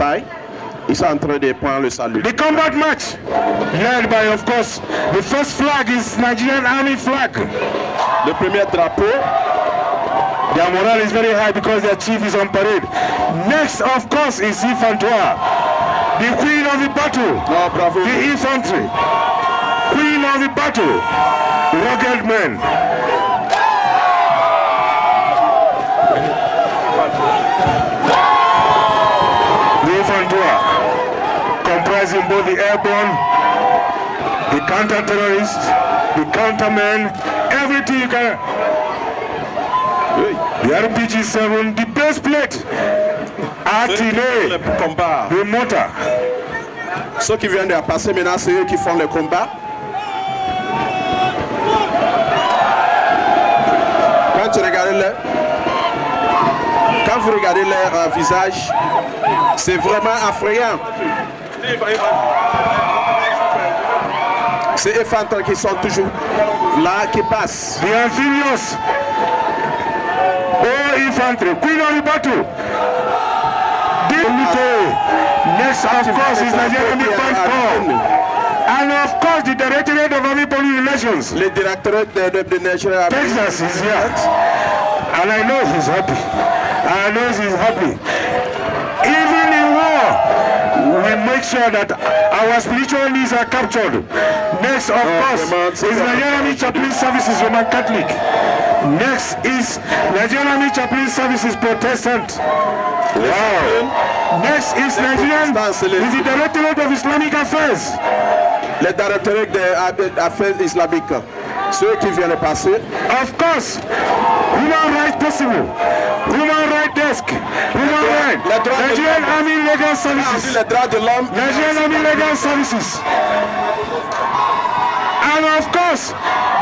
taille, ils sont en train de prendre le salut. The combat match, led by, of course, the first flag is Nigerian Army flag. Le premier drapeau. Their morale is very high because their chief is on parade. Next, of course, is Infantoire, the queen of the battle, bravo. the infantry, queen of the battle, rugged men. different comprising both the airborne, the counter-terrorists, the countermen, everything you can. The RPG-7, the best plate, atine le moteur. Ceux qui viennent de passer maintenant, c'est eux qui font le combat. Quand tu regardes là. Quand vous regardez leur euh, visage, c'est vraiment affrayant. C'est effrayant qui sont toujours là, qui passent. They are serious. Oh, infantry, Queen Oribatu. Next, of course, is Nigerian Defense And of course, the director of Army Police Relations. Le directeur de, de, de National Texas is here. And I know he's happy. I know she's happy. Even in war, we make sure that our spiritual needs are captured. Next, of uh, course, is Nigerian Army Chaplain Services Roman Catholic. Next is Nigerian Army Chaplain Services Protestant. Wow. Next is Nigerian, is the Directorate of Islamic Affairs. Le Directorate the affairs Islamic. Ceux qui viennent passer. Of course, human rights possible. Human desk. Nigerian Nigerian Army Legal Services. Nigerian Army Legal Services. And of course,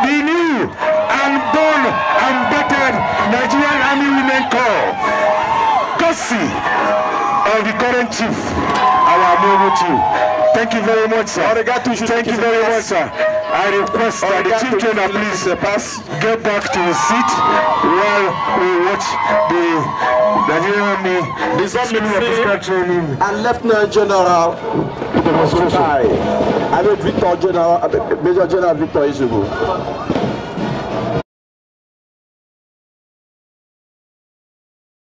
the new and born and battered Nigerian Army Women Corps. Courtesy of the current chief, our Chief. Thank you very much, sir. Arigato, Thank you very much, sir. I request that the chief trainer uh, please pass. get back to his seat while we watch the Nigerian Army School of Physical Training. And Lieutenant General Kutai. I mean Victor General, uh, Major General Victor Isugu.